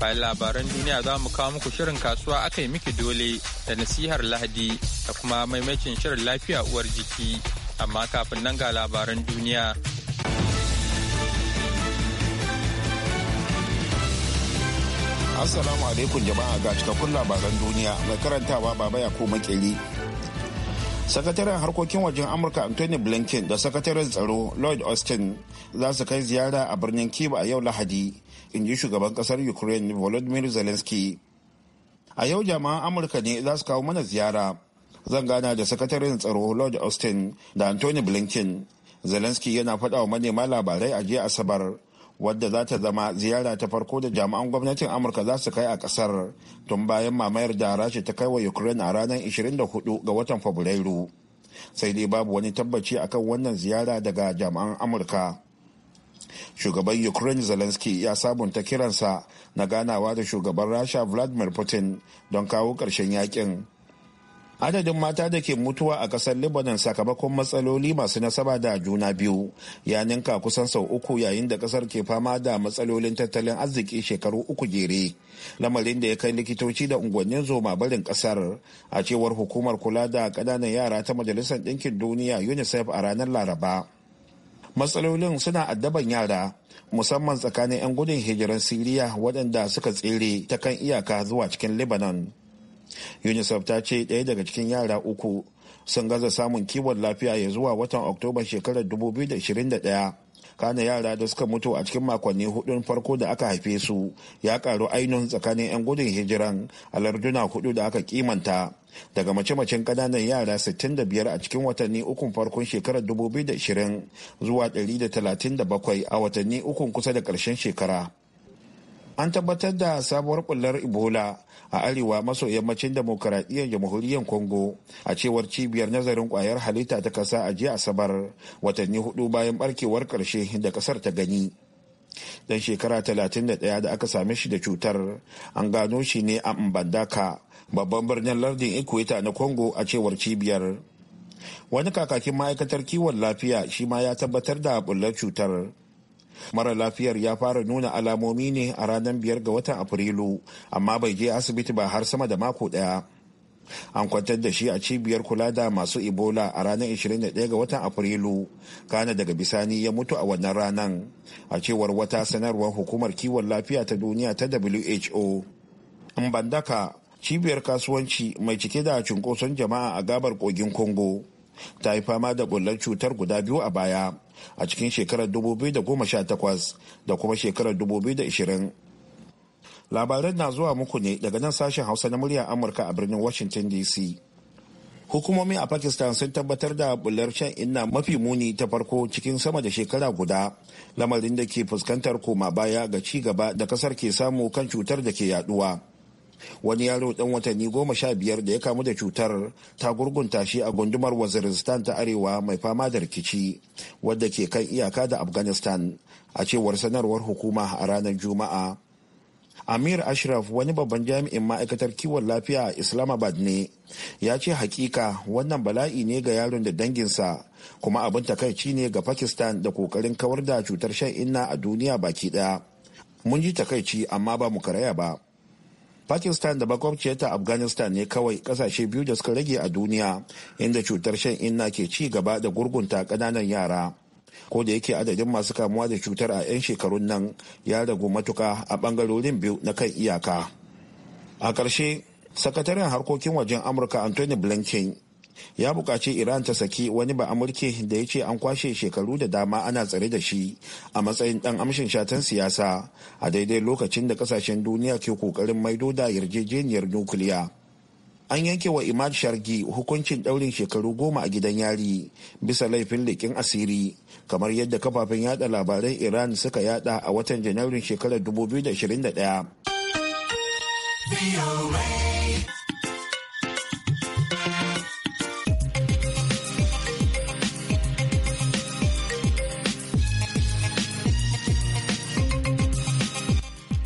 bayan labaran duniya za mu kawo muku shirin kasuwa aka yi miki dole da nasihar lahadi da kuma maimacin shirin lafiya uwar jiki amma kafin nan ga labaran duniya assalamu alaikum jama'a ga cikakkun labaran duniya mai karantawa baba ya ko makeli sakataren harkokin wajen amurka anthony blinken da sakataren tsaro lloyd austin za su kai ziyara a birnin kiba a yau lahadi in ji shugaban kasar ukraine volodymyr zelensky a yau jama'an amurka ne za su kawo mana ziyara zan gana da sakataren tsaro lord austin da anthony blinken zelensky yana faɗa wa manema labarai a jiya asabar wadda za ta zama ziyara ta farko da jami'an gwamnatin amurka za su kai a kasar tun bayan mamayar da rashi ta kai wa ukraine a ranar 24 ga watan fabrairu sai dai babu wani tabbaci akan wannan ziyara daga jami'an amurka shugaban ukraine zelensky ya sabunta kiransa na ganawa da shugaban rasha vladimir putin don kawo ƙarshen yakin adadin mata da ke mutuwa a ƙasar libanon sakamakon matsaloli masu nasaba da juna biyu ya ninka kusan sau uku yayin da ƙasar ke fama da matsalolin tattalin arziki shekaru uku jere lamarin da ya kai likitoci da unguwannin zoma barin ƙasar a cewar hukumar kula da ƙananan yara ta majalisar ɗinkin duniya unicef a ranar laraba matsalolin suna addaban yara musamman tsakanin 'yan gudun hijiran siriya waɗanda suka tsere ta kan iyaka zuwa cikin lebanon unicef ta ce ɗaya daga cikin yara uku sun gaza samun kiwon lafiya ya zuwa watan oktoba shekarar 2021 kana yara da suka mutu a cikin makonni hudun farko da aka haife su ya karu ainihin tsakanin 'yan gudun hijiran a larduna hudu da aka kimanta daga mace-macen kananan yara 65 a cikin watanni ukun farkon shekarar 2020 zuwa 137 a watanni ukun kusa da karshen shekara an tabbatar da sabuwar bullar ebola a arewa maso yammacin demokaradiyyar jamhuriyar congo a cewar cibiyar nazarin kwayar halitta ta kasa a jiya asabar watanni hudu bayan barkewar karshe da kasar ta gani dan shekara 31 da aka same shi da cutar an gano shi ne a mbandaka babban birnin lardin equator na congo a cewar cibiyar wani kakakin ma'aikatar kiwon lafiya shi ma ya tabbatar da bullar cutar mara lafiyar ya fara nuna alamomi ne a ranar biyar ga watan afrilu amma bai je asibiti ba har sama da mako daya an kwantar da shi a cibiyar kula da masu ebola a ranar 21 ga watan afrilu kana daga bisani ya mutu a wannan ranar a cewar wata sanarwar hukumar kiwon lafiya ta duniya ta who bandaka cibiyar kasuwanci mai cike da cunkoson jama'a a gabar kogin congo ta yi fama da bullar cutar guda biyu a baya a cikin shekarar 2018 da kuma shekarar 2020 labaran na zuwa muku ne daga nan sashen hausa na muryar amurka a birnin washington dc hukumomi a pakistan sun tabbatar da bullar shan inna mafi muni ta farko cikin sama da shekara guda lamarin da ke fuskantar koma baya ga ci gaba da kasar ke samu kan cutar da ke yaduwa wani yaro dan watanni goma sha biyar da ya kamu da cutar ta gurgunta shi a gundumar waziristan ta arewa mai fama da rikici wadda ke kan iyaka da afghanistan a cewar sanarwar hukuma a ranar juma'a amir ashraf wani babban jami'in ma'aikatar kiwon lafiya a islamabad ne ya ce hakika wannan bala'i ne ga yaron da danginsa kuma abin takaici ne ga pakistan da kokarin kawar da cutar shan inna a duniya baki daya mun ji takaici amma ba mu karaya ba pakistan da makwabciyarta afghanistan ne kawai kasashe biyu da suka rage a duniya inda cutar shan inna ke ci gaba da gurgunta ƙananan yara ko da yake adadin masu kamuwa da cutar a 'yan shekarun nan ya ragu matuka a bangarorin biyu na kan iyaka a ƙarshe sakataren harkokin wajen amurka anthony blinken ya buƙaci iran ta saki wani ba amurke da ya ce an kwashe shekaru da dama ana tsare da shi a matsayin dan amshin shatan siyasa a daidai lokacin da kasashen duniya ke kokarin maido da yarjejeniyar nukiliya an yanke wa imad shargi hukuncin ɗaurin shekaru goma a gidan yari bisa laifin leƙin asiri kamar yadda kafafen yada labaran iran suka yada a watan janairun shekarar 2021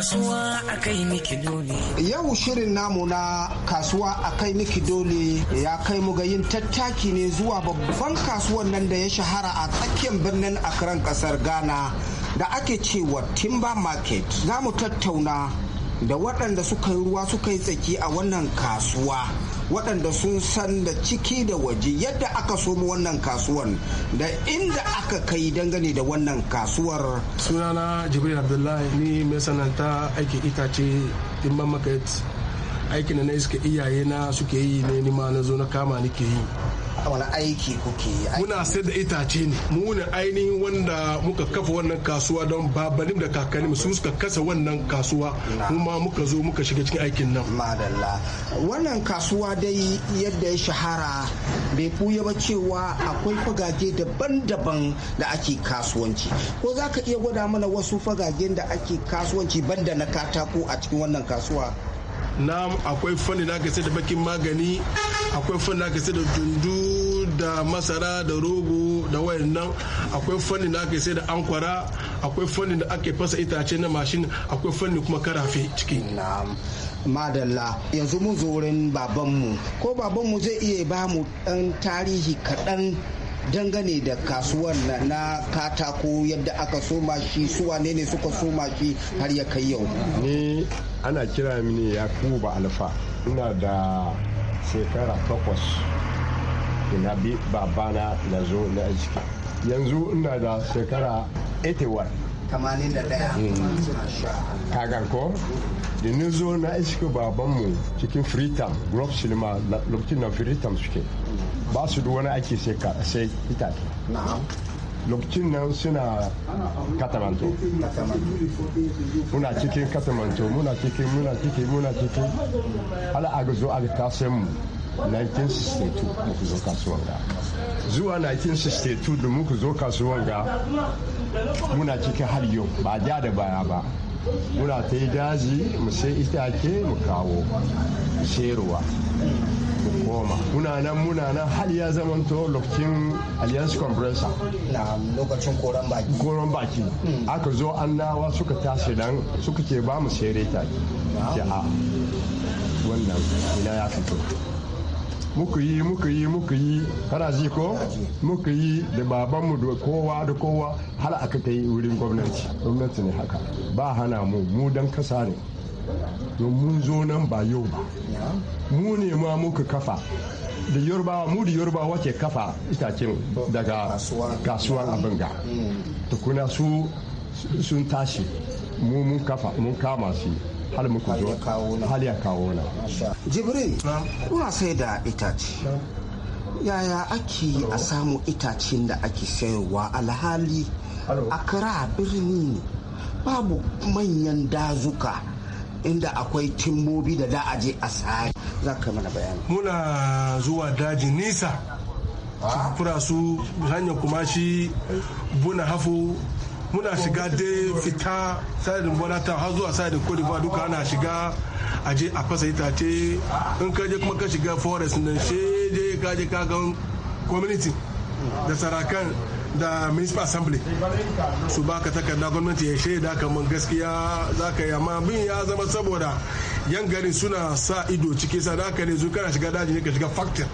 kasuwa a kai niki dole. Yau shirin namu na kasuwa a kai miki dole ya kai mu ga yin tattaki ne zuwa babban kasuwan nan da ya shahara a tsakiyar birnin Akran kasar Ghana da ake cewa Timber Market. Za mu tattauna da waɗanda suka yi ruwa suka yi tsaki a wannan kasuwa. waɗanda sun san da ciki da waje yadda aka somo wannan kasuwan da inda aka kai dangane da wannan kasuwar sunana jibril abdullahi ni mai sananta aiki itace dimban market aikin da na iska iyaye na suke yi ne ni ma na zo na kama nike yi wani aiki kuke yi muna sai da itace ne mu ne ainihin wanda muka kafa wannan kasuwa don babalim da kakanni su suka kasa wannan kasuwa kuma muka zo muka shiga cikin aikin nan madalla wannan kasuwa dai yadda ya shahara bai buya ba cewa akwai fagage daban-daban da ake kasuwanci ko za ka iya gwada mana wasu fagagen da ake kasuwanci banda na katako a cikin wannan kasuwa na akwai fanni na aka da bakin magani akwai fanni na aka da dundu da masara da rogo da wayannan akwai fanni na aka da ankwara akwai fanni da ake fasa itace na mashin akwai fanni kuma karafe ciki madalla yanzu mun zo wurin babanmu ko babanmu zai iya ba mu dan tarihi kaɗan dangane da kasuwar na, na katako yadda aka soma shi suwa ne ne suka soma shi har ya kai yau ni ana kira mini ya kuba alfa ina da shekara takwas ina bi babana na zo na aiki yanzu ina da shekara 81 daya. Mm. ko da ni zo na iske babanmu cikin freetown grove cinema lokacin na freetown suke ba su da wani ake sai itace lokacin nan suna katamanto muna cikin katamanto muna cikin muna cikin muna cikin hala aga zo aga tasayin mu 1962 muku zo kasuwan ga zuwa 1962 da muku zo kasuwan ga muna cikin har yau ba ja da baya ba muna ta yi daji mu sai itace mu kawo mu sayarwa goma muna nan muna nan hal ya zamanto lokacin alliance compressor na lokacin koran baki koran baki hmm. aka zo an nawa suka tashi dan suka ce ba mu sere ta ce a ah, wannan ina ya fito muka yi muka yi muka yi kana ji ko muka yi da babanmu da kowa da kowa har aka kai wurin gwamnati gwamnati ne haka ba hana mu mu dan kasa ne mun zo nan ba yau ba mu ne ma muka kafa da yorubawa mu da yorubawa ke kafa itacen daga kasuwar abin ga tukuna su sun tashi mu mun kafa mun kama su har muku zo har ya kawo na jibril kuna sai da itace yaya ake a samu itacen da ake sayarwa alhali kira birni ne babu manyan dazuka inda akwai timbobi da da aje a sare za ka mana bayani muna zuwa daji nisa kura su hanyar kuma shi buna hafu muna shiga dai fita sadin bola ta har zuwa sadin kodi ba duka ana shiga aje a fasa itace in ka je kuma ka shiga forest nan sai je ka je ka ga community da sarakan da municipal assembly su ka takarda gwamnati ya shaida kamar gaskiya za ka yi amma bin ya zama saboda yan garin suna sa ido ciki sa da haka ne zu kana shiga daji ne ka shiga factor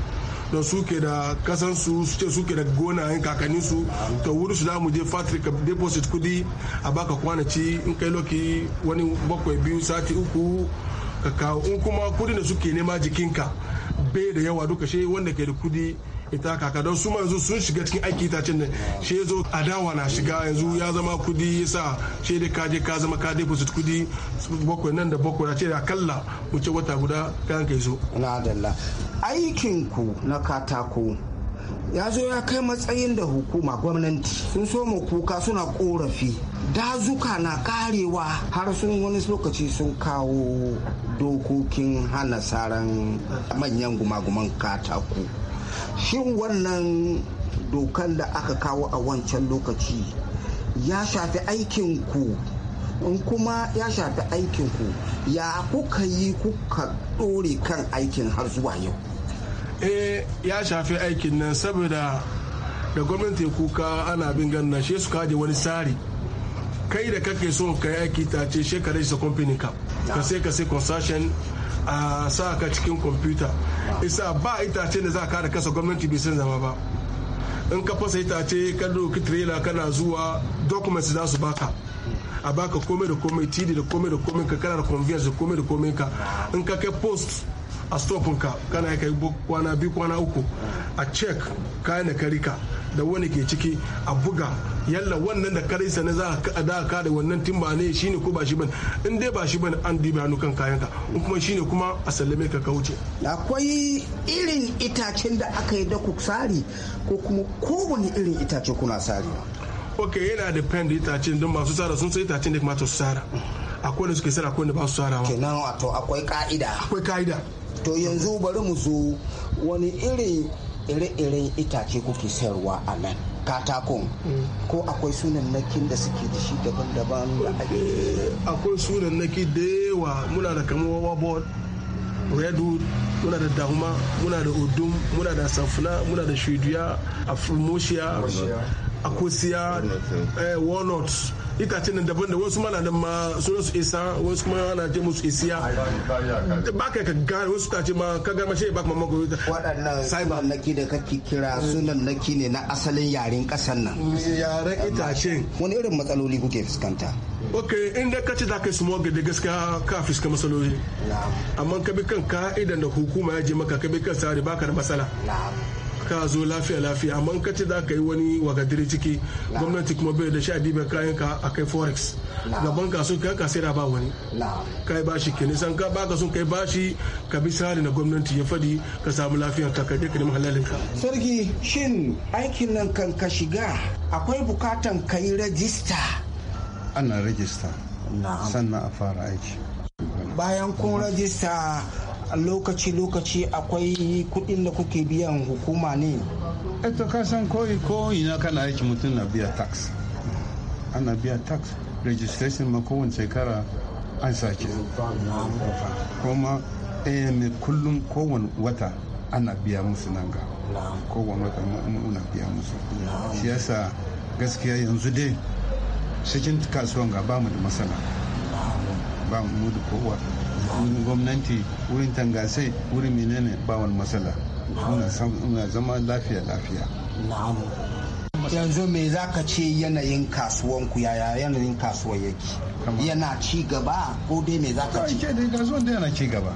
da suke da kasansu su suke da kakanni kakanninsu to wuri su mu je factory ka deposit kudi a baka kwanaci in kai loki wani bakwai biyu sati uku ka kawo in kuma kudin da suke nema jikinka bai da yawa duka shi wanda ke da kudi ita kaka don su yanzu sun shiga cikin aiki itacen nan shi zo adawa na shiga yanzu ya zama kudi sa shi da ka je ka zama ka deposit kudi bakwai nan da bakwai ce da kalla wuce wata guda kan kai zo na dalla aikin ku na katako ya zo ya kai matsayin da hukuma gwamnati sun so mu kuka suna korafi dazuka na karewa har sun wani lokaci sun kawo dokokin hana saran manyan gumaguman katako shin wannan dokan da aka kawo a wancan lokaci ya shafi aikinku in kuma ya shafi aikinku ya kuka yi kuka ɗore kan aikin har zuwa yau eh ya shafi aikin nan saboda da gwamnati kuka ana bin ganna shi su kaje wani tsari kai da kake so ka yi aiki ta ce shekarar isa kamfanin ka ka sai ka sai concession a sa ka cikin kwamfuta isa ba itace da za ka da kasa gwamnati bai san zama ba in ka fasa itace ka doki trailer kana zuwa documents za su baka a baka komai da komai tidi da komai da komai ka kana da da komai da komai ka in ka kai post a stopin ka kana kai kwana biyu kwana uku a check kayan da ka rika da wani ke ciki a buga yalla wannan da kare sa ne za a da ka da wannan timba ne shine ko ba shi bane in dai ba shi bane an diba nukan kayan ka kuma shine kuma a sallame ka kauce akwai irin itacen da aka yi da ku sari ko kuma kowane irin itace kuna sari ok yana da pen da itacen don masu sara sun sai itacen da kamata su sara akwai da suke sara akwai da ba su sarawa kenan wato akwai ka'ida akwai ka'ida to yanzu bari mu zo wani irin ire-iren itace kuke sayarwa a nan katakon mm. ko akwai nakin da suke da shi daban-daban da ake akwai naki da yawa muna da kamar wawa redwood muna da dahuma muna da udum muna da safuna muna da a fulmoshiya akusiya eh, walnut ce nan daban da wasu mana nan ma sunan su isa wasu kuma ana ce musu isiya ba kai ka gane wasu ta ce ma ka gama shi ba kuma mako waɗannan saiba naki da kake kira sunan naki ne na asalin yaren ƙasar nan yaren itace wani irin matsaloli kuke fuskanta ok inda ka ce za ka yi small da gaskiya ka fuska matsaloli amma ka bi kan ka'idan da hukuma ya je maka ka bi kan tsari ka da matsala ka zo lafiya lafiya amma ka ce za ka yi wani wagadiri ciki gwamnati kuma bai da sha a kayan ka a kai forex gaban ka sun ka sai ba wani k'a yi bashi ke nisan ka ka sun kai bashi ka bi sari na gwamnati ya fadi ka samu lafiya ka kai ka nemi halalin ka sarki shin aikin nan kan ka shiga akwai bukatan ka yi rajista ana rajista sannan a fara aiki bayan kun rajista lokaci-lokaci akwai kuɗin da kuke biyan hukuma ne eto eh, ka san koyi ko ina kana aiki mutum na biya tax ana biya tax registration ma kowane shekara an sake kuma ama kullum kowane wata ana biya musu nan ga kowane wata muna biya musu shi yasa gaskiya yanzu dai cikin kasuwan ga bamu da masana ba mu da kowa gwamnati wurin tangasai wurin menene ba wani matsala muna zama lafiya lafiya yanzu me za ka ce yanayin kasuwanku yaya yanayin kasuwar yake yana ci gaba ko dai me za ka ce ke dai kasuwan da yana ci gaba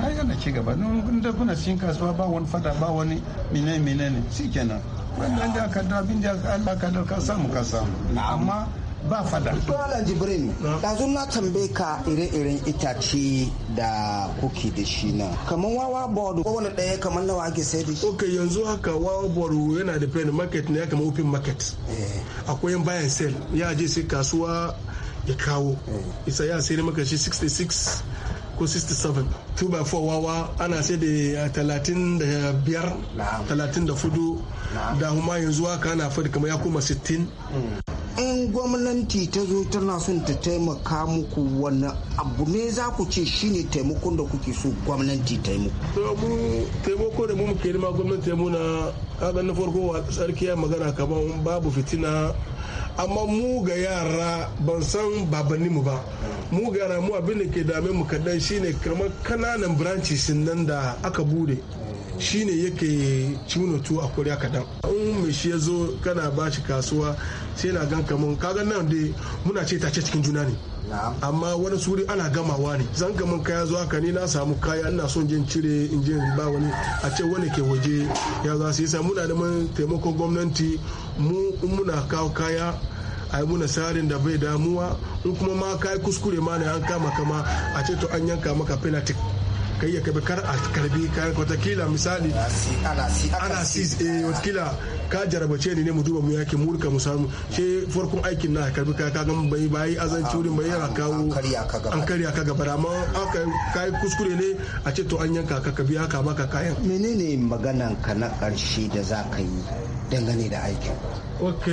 ai yana ci gaba in da kuna cikin kasuwa ba wani fada ba wani menene menene shikenan wanda aka da abin da Allah da, ka samu ka samu amma ba fada Dole Jibrin, ɗazu na tambaye ka ire-iren itace da kuke da shi na. Kamar wawa board wani ɗaya kamar nawa ake sai da shi. Ok yanzu haka wawa board yana da pen market ne ya kama open market. Eh. Akwai yan bayan sell ya je sai kasuwa ya kawo. Eh. Isa ya sai maka shi 66 ko 67 2x4 wawa ana sai da 35 eh, 34 da kuma yanzu haka ana fadi kamar ya koma 60 mm. in gwamnati ta zo tana son ta taimaka muku wani abu ne za ku ce shine taimakon da kuke so gwamnati ta yi muku. mu taimako da mu muke nema gwamnati ya muna kaga na farko sarki ya magana kamar babu fitina amma mu ga yara ban san babanni mu ba mu ga yara mu abin da ke dame mu kadan shine kamar kananan branches nan da aka bude shine yake cuna tu a kuriya kadan in mai shi ya zo kana ba shi kasuwa sai na gan kamun kaga nan dai muna ce tace cikin juna ne amma wani suri ana gamawa ne zan gamin kaya zuwa ka ni na samu kaya ina son jin cire in je ba wani a ce wani ke waje ya za su yi sa muna neman taimakon gwamnati mu in muna kawo kaya a yi muna sarin da bai damuwa in kuma ma ka yi kuskure ma ne an kama kama a ce to an yanka maka penalty kai ya kabi kar a karbi kayan watakila misali ana sis wata watakila ka jarabace ni ne mu duba mu yake mu rika mu samu ke farkon aikin na karbi kayan ka gan bai bai azanci wurin bai yana kawo an karya ka gaba amma aka kai kuskure ne a ce to an yanka ka kabi haka ka kayan menene maganan ka na karshe da za ka yi dangane da aikin ok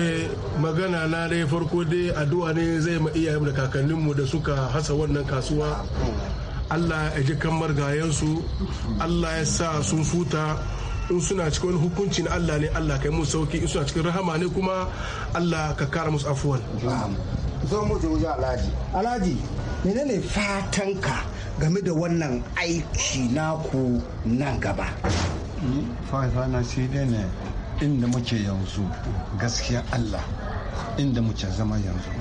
magana na dai farko dai addu'a ne zai ma iyayenmu da kakanninmu da suka hasa wannan kasuwa allah ya ji kan margayensu allah ya sa sun futa in suna cikin hukuncin allah ne allah kai musu sauki in suna cikin rahama ne kuma allah ka kara musu afuwan alhaji alhaji menene fatanka game da wannan aiki naku nan gaba fata na shi ne inda muke yanzu gaskiya allah inda muke zama yanzu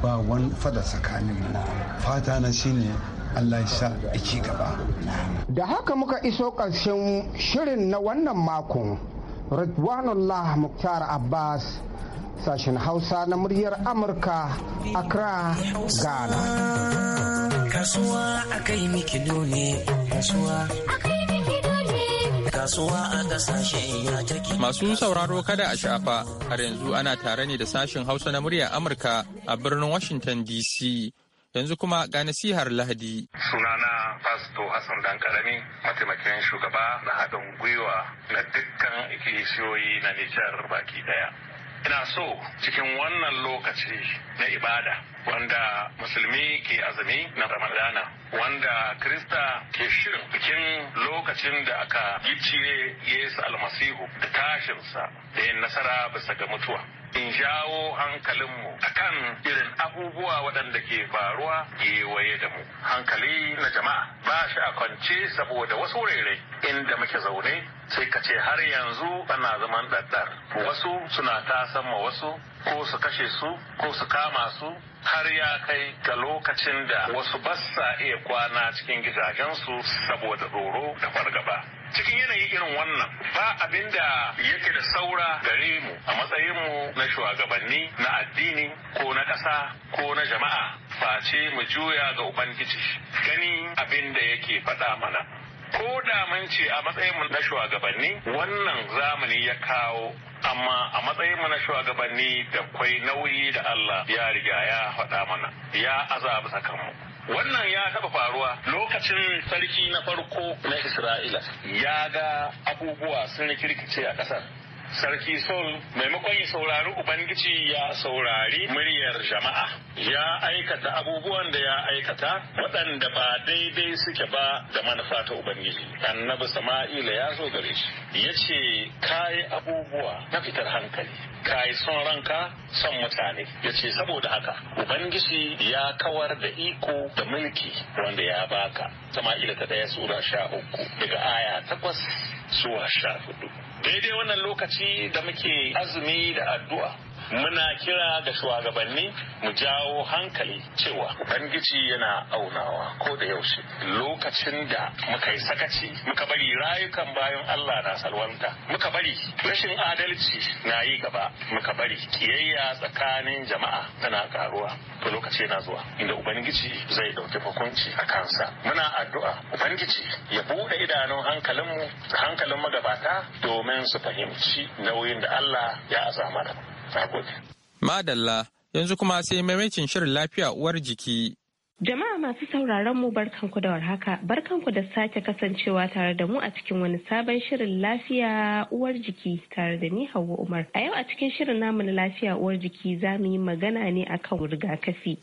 ba wani fada tsakanin mu fata na shine Allah ya sa ake gaba. Da haka muka iso ƙarshen shirin na wannan makon, Ridwanullah Muktar Abbas, sashen Hausa na muryar Amurka, Accra, Ghana. Kasuwa a kai ne, kasuwa. kasuwa a kasashe ya take. Masu sauraro kada a shafa har yanzu ana tare ne da sashen Hausa na murya Amurka a birnin Washington DC. Yanzu kuma ga nasihar Lahadi. Sunana Fasto Hassan Dan Karami, mataimakin shugaba na haɗin gwiwa na dukkan ikilisiyoyi na Nijar baki ɗaya. ina so cikin wannan lokaci na ibada wanda musulmi ke azumi na ramadana wanda krista ke shirin bikin lokacin da aka gicciye yesu almasihu da tashinsa da yin nasara bisa ga mutuwa in jawo hankalinmu A kan irin abubuwa waɗanda ke faruwa gewaye da mu hankali na jama'a ba shi a kwance saboda wasu rere inda Ka zaune sai ka ce har yanzu ana zaman ɗaɗɗar wasu suna tasan ma wasu ko su kashe su ko su kama su har ya kai ga lokacin da wasu sa iya kwana cikin gidajensu saboda tsoro da fargaba cikin yanayi irin wannan ba abin da yake da saura gare mu a mu na shugabanni na addini ko na ƙasa ko na jama'a face mu juya ga ubangiji gani abin da yake faɗa mana ko da mun ce a matsayin mun na shugabanni wannan zamani ya kawo amma a matsayin mu na shugabanni da kwai nauyi da Allah ya riga ya faɗa mana ya azabu mu. wannan ya taɓa faruwa lokacin sarki na farko na Isra'ila ya ga abubuwa sun rikirkice a ƙasar sarki sol maimakon ya saurari ubangiji ya saurari muryar jama'a ya aikata abubuwan da ya aikata waɗanda ba daidai suke ba da manufa ta ubangiji annabi sama'ila ya zo gare shi ya ce kayi abubuwa na fitar hankali kayi son ranka son mutane ya ce saboda haka ubangiji ya kawar da iko da mulki wanda ya baka sama'ila ta ɗaya sura sha uku daga aya takwas zuwa sha hudu daidai wannan lokaci da muke azumi da addu'a muna kira ga shugabanni mu jawo hankali cewa ubangiji yana aunawa ko da yaushe lokacin da muka yi sakaci muka bari rayukan bayan allah na salwanta muka bari rashin adalci na yi gaba muka bari kiyayya tsakanin jama'a tana karuwa to lokaci yana zuwa inda ubangiji zai dauki hukunci a kansa muna addu'a ubangiji ya bude idanun hankalinmu hankalin magabata domin su fahimci nauyin da allah ya azama Madalla yanzu kuma sai maimacin shirin lafiya uwar jiki. Jama'a masu sauraron mu barkanku da warhaka, barkanku da sake kasancewa tare da mu a cikin wani sabon shirin lafiya uwar jiki tare da ni Hauwa Umar. A yau a cikin shirin namu na lafiya uwar jiki za mu yi magana ne akan rigakafi.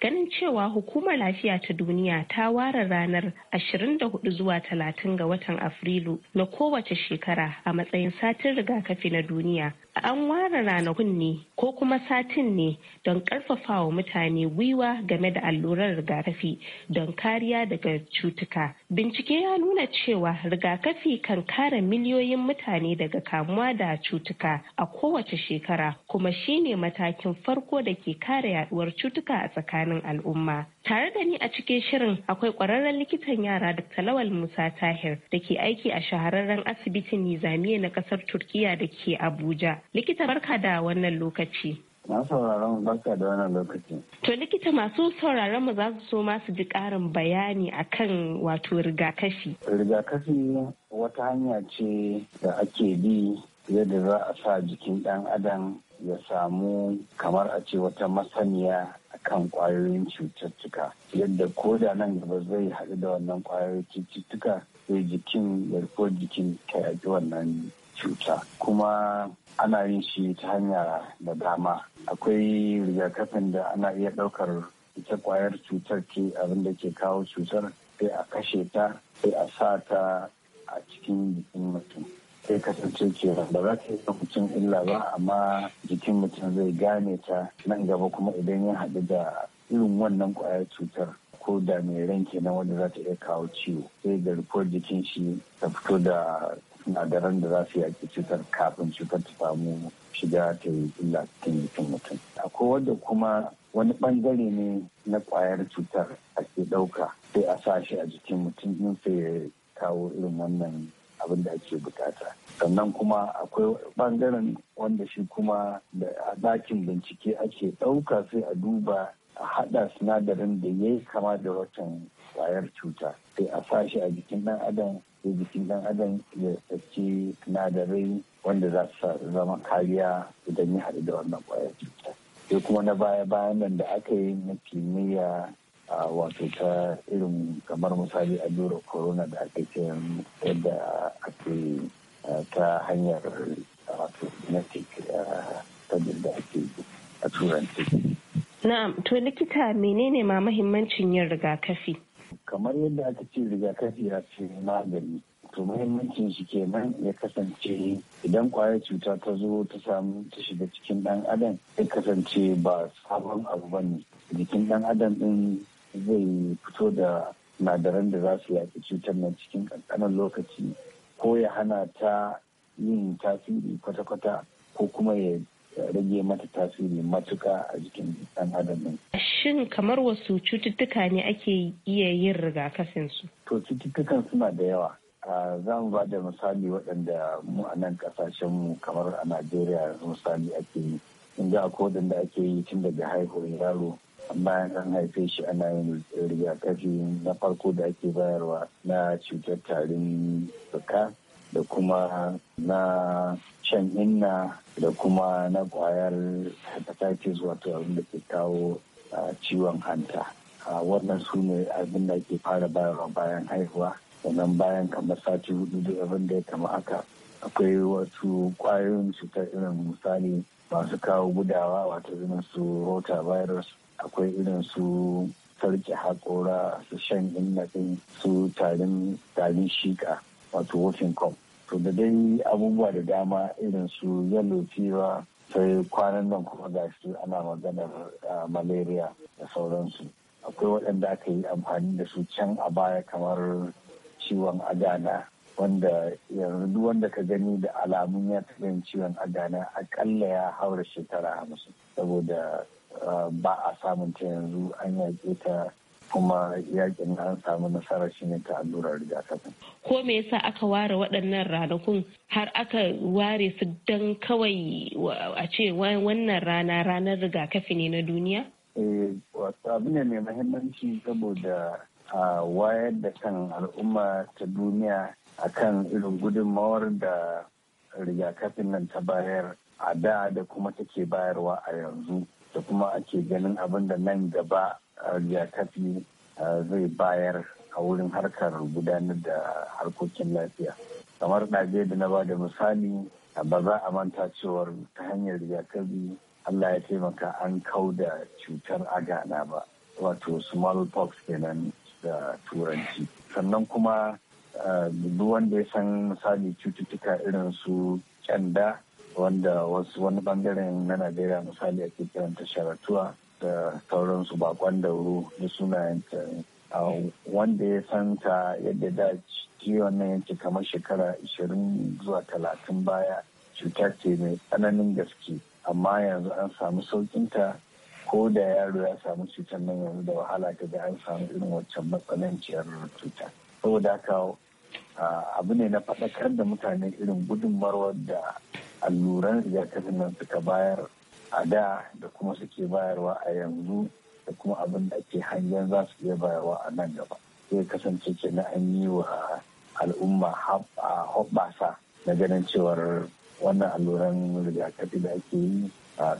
ganin cewa hukumar lafiya ta duniya ta ware ranar 24 zuwa 30 ga watan afrilu na kowace shekara a matsayin satin rigakafi na duniya an ware ranakun ne ko kuma satin ne don karfafa wa mutane gwiwa game da allurar rigakafi don kariya daga cutuka bincike ya nuna cewa rigakafi kan kare miliyoyin mutane daga kamuwa da cutuka a kowace shekara kuma shine matakin farko da ke kare yaduwar cutuka a tsakanin tsarin al'umma. Tare da ni a cikin shirin akwai kwararren likitan yara da Talawal Musa Tahir da ke aiki a shahararren asibitin Nizamiya na kasar Turkiya da ke Abuja. Likita barka da wannan lokaci. Na sauraron barka da wannan lokaci. To likita masu sauraron mu za su so masu ji ƙarin bayani akan wato rigakafi. Rigakafi wata hanya ce da ake bi yadda za a sa jikin ɗan adam ya samu kamar a ce wata masaniya kan kwayoyin cututtuka yadda ko da nan gaba zai haɗu da wannan kwayoyin cututtuka sai jikin ya ko jikin ta yaƙi wannan cuta kuma ana yin shi ta hanya da dama akwai rigakafin da ana iya ɗaukar ita kwayar cutar ke abin da ke kawo cutar sai a kashe ta sai a sa ta a cikin jikin mutum sai kasance kera ba za ta yi mutum illa ba amma jikin mutum zai gane ta nan gaba kuma idan ya haɗu da irin wannan kwayar cutar ko da mai ran kenan wanda za ta iya kawo ciwo sai da rufuwar jikin shi ta fito da sinadaran da za su yaƙi cutar kafin cutar ta samu shiga ta yi illa cikin jikin mutum akwai wanda kuma wani bangare ne na kwayar cutar ake ɗauka sai a sa shi a jikin mutum sai ya kawo irin wannan abin da ake bukata sannan kuma akwai bangaren wanda shi kuma da a dakin bincike ake ɗauka sai a duba a haɗa sinadarin da ya yi kama da watan kwayar cuta sai a sa shi a jikin ɗan adam sai jikin ɗan adam ya tsaki sinadarai wanda za su zama kariya idan ya haɗu da wannan kwayar cuta sai kuma na baya bayan nan da aka yi na kimiyya a wato ta irin kamar misali jura corona da ake ce yadda ake ta hanyar wato genetic ta da ake a turanci. Na'am, to likita menene ma mahimmancin yin rigakafi? Kamar yadda aka ce rigakafi ya ce magani. To mahimmancin shi kenan ya kasance idan kwayar cuta ta zo ta samu ta shiga cikin dan adam ya kasance ba sabon abu ba ne. Jikin dan adam din zai fito da sinadaran da za su yaƙi cutar nan cikin ƙanƙanin lokaci ko ya hana ta yin tasiri kwata-kwata ko kuma ya rage mata tasiri matuka a jikin ɗan adam ɗin. Shin kamar wasu cututtuka ne ake iya yin rigakafin su? To cututtukan suna da yawa. Za mu ba da misali waɗanda mu a nan mu kamar a Najeriya misali ake yi. Inda akwai waɗanda ake yi tun daga haihuwar yaro bayan an haife shi ana yin rigakafi na farko da ake bayarwa na cutar tarin fuka da kuma na shan inna da kuma na kwayar hepatitis wato abin da ke kawo ciwon hanta wannan su ne abin da ake fara bayarwa bayan haihuwa sannan bayan kamar sati hudu da abin da ya kama aka akwai wasu kwayoyin cutar irin misali masu kawo gudawa wato irin su rota virus akwai irin su sarki haƙora su shan inna ɗin su tarin tarin shika wato wofin kom to da dai abubuwa da dama irin su yellow fever sai kwanan nan kuma ga su ana maganar malaria da sauransu akwai waɗanda aka yi amfani da su can a baya kamar ciwon agana wanda yanzu wanda ka gani da alamun ya taɓa ciwon agana aƙalla ya haura shekara hamsin saboda ba a samun ta yanzu an yaƙe ta kuma yakin an samu nasarar shi ne ta allurar rigakafin. Ko me yasa aka ware waɗannan ranakun har aka ware su don kawai a ce wannan rana ranar rigakafi ne na duniya? Eh, abu ne mai mahimmanci saboda a wayar da kan al'umma ta duniya akan irin gudunmawar da rigakafin nan ta bayar a da da kuma take bayarwa a yanzu. da kuma ake ganin abin da nan gaba riyakafi zai bayar a wurin harkar gudanar da harkokin lafiya kamar ɗabe da na ba da misali ba za a manta cewar ta hanyar riyakafi allah ya taimaka an kau da cutar agana ba wato smallpox kenan da turanci sannan kuma duk wanda ya san misali cututtuka irin su kyanda wanda wasu wani bangaren na najeriya misali ake kiranta sharatuwa da sauransu bakon dauro da sunayen wanda ya san ta yadda da ciwon nan yanci kamar shekara 20 zuwa 30 baya cuta ce mai tsananin gaske amma yanzu an samu saukin ta ko da yaro ya samu cutar nan yanzu da wahala ta da an samu irin waccan matsananciyar cuta saboda haka abu ne na faɗakar da mutane irin gudunmawar da alluran rigakafin nan suka bayar a da da kuma suke bayarwa a yanzu da kuma abin da ake hangen za su iya bayarwa a nan gaba zai kasance kenan an yi wa al'umma hoɓɓasa na ganin cewar wannan alluran rigakafi da ake yi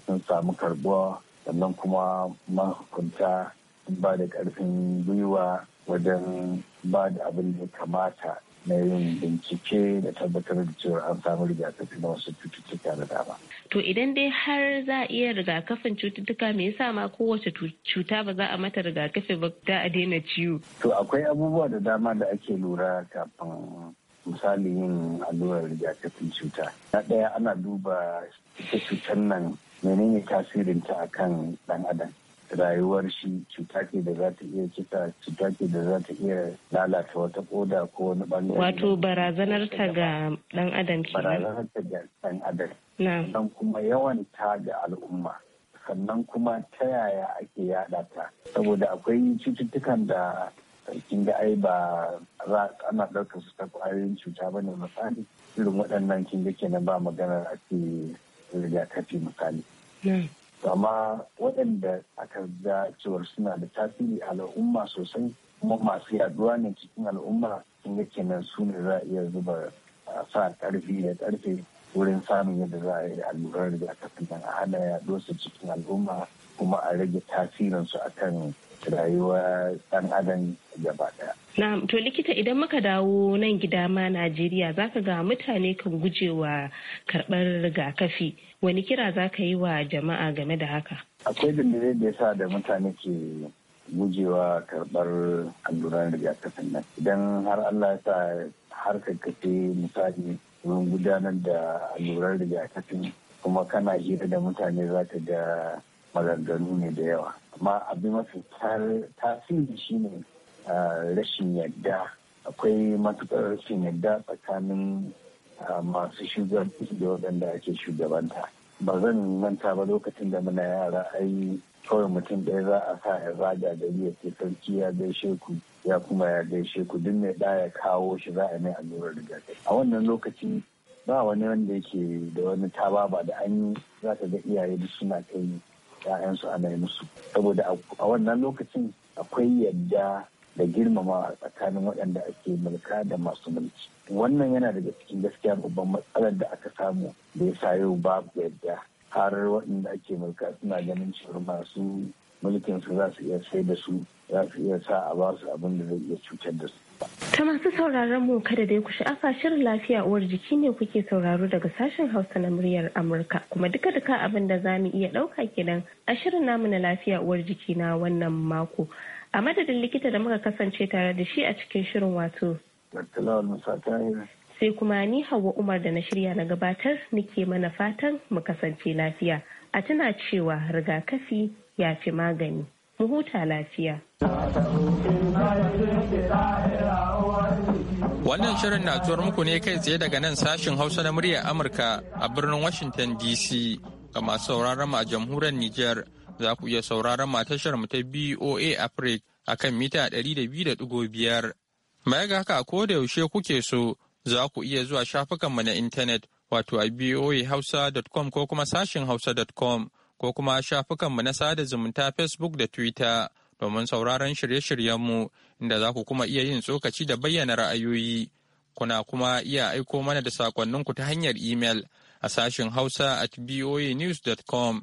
sun samu karbuwa sannan kuma mahukunta ba da ƙarfin gwiwa wajen ba da abin da kamata na yin bincike da tabbatar da cewa an samu rigakafi na wasu cututtuka da dama. To idan dai har za a iya rigakafin cututtuka me yasa ma kowace cuta ba za a mata rigakafi ba ta a daina ciwo? To akwai abubuwa da dama da ake lura kafin misali yin allurar rigakafin cuta. Na ɗaya ana duba ita cutar nan menene tasirinta akan ɗan adam. rayuwar shi cuta ce da za ta iya cuta cuta ce da za ta iya lalata wata koda ko wani bangare. Wato barazanar ta ga dan adam ke Barazanar ta ga dan adam. Sannan kuma yawan ta ga al'umma. Sannan kuma ta yaya ake yada ta. Saboda akwai cututtukan da kin ga ai ba za ana ɗaukar su ta ƙwayoyin cuta ba ne misali irin waɗannan kin ga kenan ba maganar ake rigakafi misali. amma waɗanda aka ga cewar suna da tasiri a al'umma sosai kuma masu yaduwa ne cikin al'umma sun ga kenan su ne za a iya zuba sa ƙarfi da ƙarfe wurin samun yadda za a yi allurar da aka nan a hana yaɗuwar su cikin al'umma kuma a rage tasirin tasirinsu akan rayuwa ɗan adam gaba ɗaya. Na to likita idan muka dawo nan gida ma Najeriya zaka ga mutane kan gujewa karɓar rigakafi wani kira za ka yi wa jama'a game da haka akwai dalilai da yasa da mutane ke gujewa karɓar alluran rigakafin nan idan har allah ya sa har kakkace misali wurin gudanar da alluran rigakafin kuma kana hira da mutane za ka ga maganganu ne da yawa amma abin mafi tasiri shine ah, rashin yadda akwai matuƙar rashin yadda tsakanin masu shugaban da waɗanda ake shugabanta ba zan manta ba lokacin da muna yara ai kawai mutum ɗaya za a sa ya zaga da ya ce sarki ya gaishe ku ya kuma ya gaishe ku duk mai ɗaya ya kawo shi za a mai allurar rigakafi a wannan lokaci ba wani wanda yake da wani tababa da an yi za ka ga iyaye duk suna kai 'ya'yansu ana yi musu saboda a wannan lokacin akwai yadda da girmama a tsakanin waɗanda ake mulka da masu mulki wannan yana daga cikin gaskiya babban matsalar da aka samu da ya sa yau babu yadda har waɗanda ake mulka suna ganin cewar masu mulkin su za su iya sai da su za su iya sa a ba su abin da zai iya cutar da su Ta masu sauraron mu kada dai ku sha'afa shirin lafiya uwar jiki ne kuke sauraro daga sashen Hausa na muryar Amurka kuma duka duka abin da za mu iya ɗauka kenan a shirin namu na lafiya uwar jiki na wannan mako. a madadin likita da muka kasance tare da shi a cikin shirin wato sai kuma ni hawa umar da na shirya na gabatar nike mana fatan mu kasance lafiya a tuna cewa rigakafi ya fi magani mu huta lafiya wannan shirin na zuwar muku ne kai tsaye daga nan sashin hausa na muryar amurka a birnin washington dc ga masu sauraron a jamhuriyar nijar za ku iya sauraron tashar mu ta BOA Africa a kan mita 200.5. Baya ga haka ko da yaushe kuke so za ku iya zuwa shafukan mu na intanet wato a boahausa.com ko kuma sashin hausa.com ko kuma shafukanmu na sada zumunta Facebook da Twitter domin sauraron shirye-shiryenmu inda za ku kuma iya yin tsokaci da bayyana ra'ayoyi. Kuna kuma iya aiko mana da sakonninku ta hanyar email a sashin hausa at boanews.com